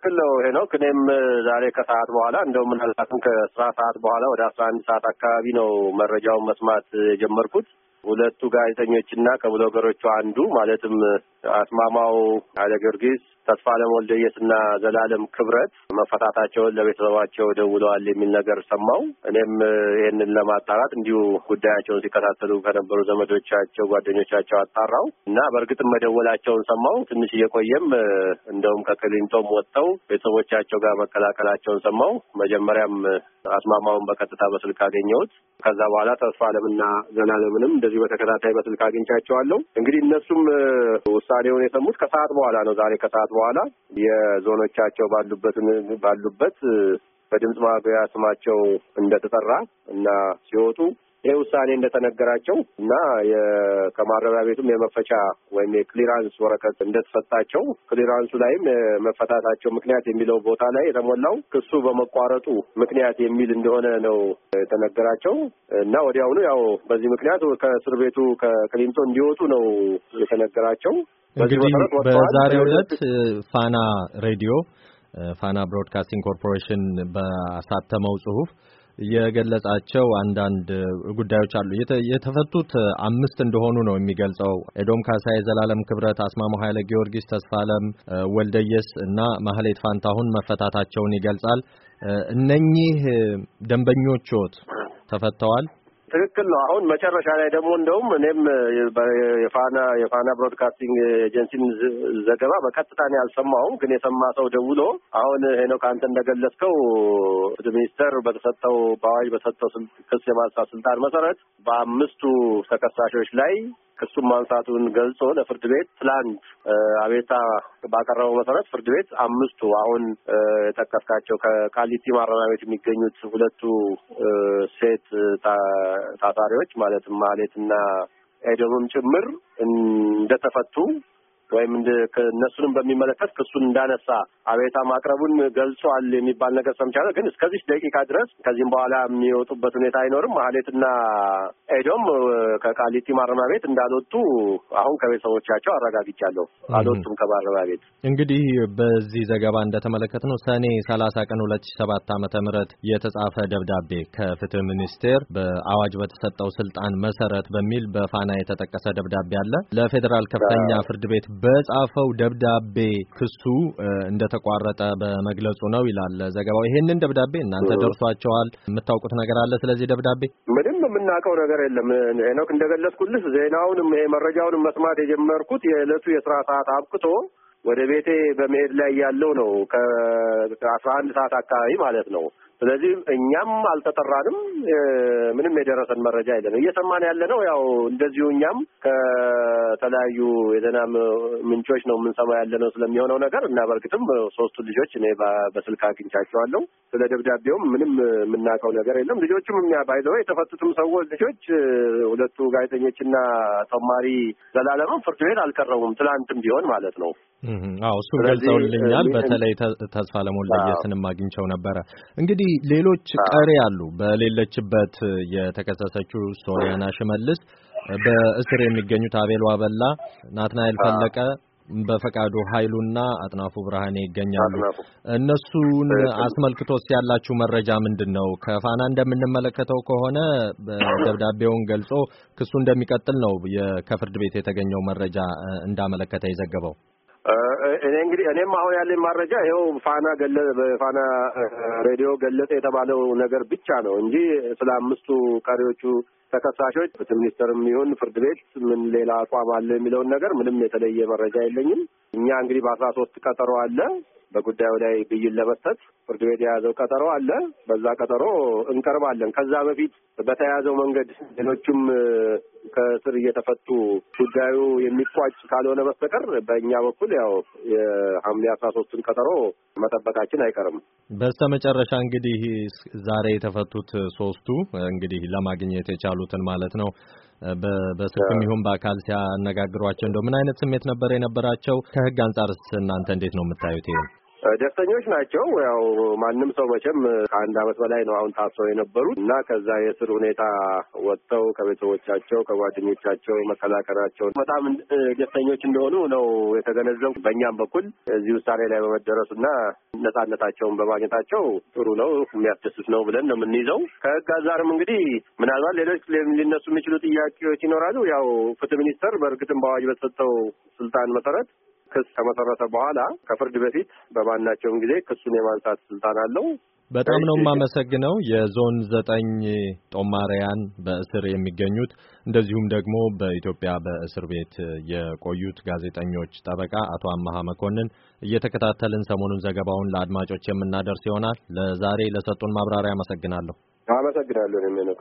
ትክክል ነው ሄኖክ። እኔም ዛሬ ከሰዓት በኋላ እንደው ምናልባትም ከስራ ሰዓት በኋላ ወደ አስራ አንድ ሰዓት አካባቢ ነው መረጃውን መስማት የጀመርኩት። ሁለቱ ጋዜጠኞችና ከብሎገሮቹ አንዱ ማለትም አስማማው ኃይለ ጊዮርጊስ ተስፋ አለም ወልደየስና ዘላለም ክብረት መፈታታቸውን ለቤተሰባቸው ደውለዋል የሚል ነገር ሰማው። እኔም ይህንን ለማጣራት እንዲሁ ጉዳያቸውን ሲከታተሉ ከነበሩ ዘመዶቻቸው፣ ጓደኞቻቸው አጣራው እና በእርግጥም መደወላቸውን ሰማው። ትንሽ እየቆየም እንደውም ከቅሊንጦም ወጥተው ቤተሰቦቻቸው ጋር መቀላቀላቸውን ሰማው። መጀመሪያም አስማማውን በቀጥታ በስልክ አገኘሁት። ከዛ በኋላ ተስፋ አለምና ዘላለምንም እንደዚሁ በተከታታይ በስልክ አግኝቻቸዋለሁ። እንግዲህ እነሱም ውሳኔውን የሰሙት ከሰዓት በኋላ ነው። ዛሬ ከሰዓት በኋላ የዞኖቻቸው ባሉበት ባሉበት በድምፅ ማጉያ ስማቸው እንደተጠራ እና ሲወጡ ይህ ውሳኔ እንደተነገራቸው እና ከማረቢያ ቤቱም የመፈቻ ወይም የክሊራንስ ወረቀት እንደተሰጣቸው ክሊራንሱ ላይም መፈታታቸው ምክንያት የሚለው ቦታ ላይ የተሞላው ክሱ በመቋረጡ ምክንያት የሚል እንደሆነ ነው የተነገራቸው እና ወዲያውኑ ያው በዚህ ምክንያት ከእስር ቤቱ ከቅሊንጦ እንዲወጡ ነው የተነገራቸው። እንግዲህ በዛሬው ዕለት ፋና ሬዲዮ ፋና ብሮድካስቲንግ ኮርፖሬሽን በአሳተመው ጽሁፍ የገለጻቸው አንዳንድ ጉዳዮች አሉ። የተፈቱት አምስት እንደሆኑ ነው የሚገልጸው። ኤዶም ካሳይ፣ የዘላለም ክብረት፣ አስማሙ ኃይለ ጊዮርጊስ፣ ተስፋለም ወልደየስ እና ማህሌት ፋንታሁን መፈታታቸውን ይገልጻል። እነኚህ ደንበኞችዎት ተፈተዋል? ትክክል ነው። አሁን መጨረሻ ላይ ደግሞ እንደውም እኔም የፋና የፋና ብሮድካስቲንግ ኤጀንሲን ዘገባ በቀጥታ እኔ አልሰማሁም፣ ግን የሰማ ሰው ደውሎ አሁን ሄኖክ አንተ እንደገለጽከው ፍትህ ሚኒስተር በተሰጠው በአዋጅ በተሰጠው ክስ የማንሳት ስልጣን መሰረት በአምስቱ ተከሳሾች ላይ ክሱን ማንሳቱን ገልጾ ለፍርድ ቤት ትላንት አቤታ ባቀረበው መሰረት ፍርድ ቤት አምስቱ አሁን የጠቀስካቸው ከቃሊቲ ማረሚያ ቤት የሚገኙት ሁለቱ ሴት ታሳሪዎች ማለትም ማህሌትና ኤዶምም ጭምር እንደተፈቱ ወይም እነሱንም በሚመለከት ክሱን እንዳነሳ አቤታ ማቅረቡን ገልጿል የሚባል ነገር ሰምቻለሁ። ግን እስከዚህ ደቂቃ ድረስ ከዚህም በኋላ የሚወጡበት ሁኔታ አይኖርም። ማህሌትና ኤዶም ከቃሊቲ ማረሚያ ቤት እንዳልወጡ አሁን ከቤተሰቦቻቸው አረጋግጫለሁ። አልወጡም ከማረሚያ ቤት። እንግዲህ በዚህ ዘገባ እንደተመለከት ነው ሰኔ ሰላሳ ቀን ሁለት ሺ ሰባት ዓመተ ምህረት የተጻፈ ደብዳቤ ከፍትህ ሚኒስቴር በአዋጅ በተሰጠው ስልጣን መሰረት በሚል በፋና የተጠቀሰ ደብዳቤ አለ ለፌዴራል ከፍተኛ ፍርድ ቤት በጻፈው ደብዳቤ ክሱ እንደተቋረጠ በመግለጹ ነው ይላል ዘገባው። ይሄንን ደብዳቤ እናንተ ደርሷቸዋል? የምታውቁት ነገር አለ ስለዚህ ደብዳቤ? ምንም የምናውቀው ነገር የለም ሄኖክ። እንደገለጽኩልስ ዜናውንም ይሄ መረጃውንም መስማት የጀመርኩት የዕለቱ የስራ ሰዓት አብቅቶ ወደ ቤቴ በመሄድ ላይ ያለው ነው ከአስራ አንድ ሰዓት አካባቢ ማለት ነው። ስለዚህ እኛም አልተጠራንም። ምንም የደረሰን መረጃ የለም። እየሰማን ያለ ነው ያው እንደዚሁ እኛም ከተለያዩ የዜና ምንጮች ነው የምንሰማ ያለ ነው ስለሚሆነው ነገር እና በእርግጥም ሶስቱ ልጆች እኔ በስልክ አግኝቻቸዋለሁ። ስለ ደብዳቤውም ምንም የምናውቀው ነገር የለም። ልጆቹም ባይዘው የተፈቱትም ሰዎች ልጆች ሁለቱ ጋዜጠኞችና ተማሪ ዘላለምም ፍርድ ቤት አልቀረቡም። ትላንትም ቢሆን ማለት ነው። አዎ እሱ ገልጸውልኛል። በተለይ ተስፋ ለሞላየትንም አግኝቸው ነበረ እንግዲህ ሌሎች ቀሪ አሉ። በሌለችበት የተከሰሰችው ሶሊያና ሽመልስ፣ በእስር የሚገኙት አቤል ዋበላ፣ ናትናኤል ፈለቀ፣ በፈቃዱ ኃይሉና አጥናፉ ብርሃኔ ይገኛሉ። እነሱን አስመልክቶስ ያላችሁ መረጃ ምንድን ነው? ከፋና እንደምንመለከተው ከሆነ ደብዳቤውን ገልጾ ክሱ እንደሚቀጥል ነው ከፍርድ ቤት የተገኘው መረጃ እንዳመለከተ የዘገበው። እኔም አሁን ያለኝ ማረጃ ይኸው ፋና ገለ በፋና ሬዲዮ ገለጸ የተባለው ነገር ብቻ ነው እንጂ ስለ አምስቱ ቀሪዎቹ ተከሳሾች ፍትህ ሚኒስቴርም ይሁን ፍርድ ቤት ምን ሌላ አቋም አለ የሚለውን ነገር ምንም የተለየ መረጃ የለኝም። እኛ እንግዲህ በአስራ ሶስት ቀጠሮ አለ በጉዳዩ ላይ ብይን ለመስጠት ፍርድ ቤት የያዘው ቀጠሮ አለ። በዛ ቀጠሮ እንቀርባለን። ከዛ በፊት በተያያዘው መንገድ ሌሎቹም ከእስር እየተፈቱ ጉዳዩ የሚቋጭ ካልሆነ በስተቀር በእኛ በኩል ያው የሐምሌ አስራ ሶስትን ቀጠሮ መጠበቃችን አይቀርም። በስተ መጨረሻ እንግዲህ ዛሬ የተፈቱት ሶስቱ እንግዲህ ለማግኘት የቻሉትን ማለት ነው በስልክም ይሁን በአካል ሲያነጋግሯቸው እንደው ምን አይነት ስሜት ነበር የነበራቸው? ከህግ አንጻር እናንተ እንዴት ነው የምታዩት? ይሄ ደስተኞች ናቸው። ያው ማንም ሰው መቼም ከአንድ አመት በላይ ነው አሁን ታስረው የነበሩት እና ከዛ የእስር ሁኔታ ወጥተው ከቤተሰቦቻቸው ከጓደኞቻቸው መከላከላቸው በጣም ደስተኞች እንደሆኑ ነው የተገነዘቡ። በእኛም በኩል እዚህ ውሳኔ ላይ በመደረሱና ነጻነታቸውን በማግኘታቸው ጥሩ ነው፣ የሚያስደስት ነው ብለን ነው የምንይዘው። ከህግ አንጻርም እንግዲህ ምናልባት ሌሎች ሊነሱ የሚችሉ ጥያቄዎች ይኖራሉ። ያው ፍትህ ሚኒስቴር በእርግጥም በአዋጅ በተሰጠው ስልጣን መሰረት ክስ ከመሰረተ በኋላ ከፍርድ በፊት በማናቸውም ጊዜ ክሱን የማንሳት ስልጣን አለው። በጣም ነው የማመሰግነው። የዞን ዘጠኝ ጦማሪያን በእስር የሚገኙት እንደዚሁም ደግሞ በኢትዮጵያ በእስር ቤት የቆዩት ጋዜጠኞች ጠበቃ አቶ አመሀ መኮንን እየተከታተልን ሰሞኑን ዘገባውን ለአድማጮች የምናደርስ ይሆናል። ለዛሬ ለሰጡን ማብራሪያ አመሰግናለሁ። አመሰግናለሁ ነው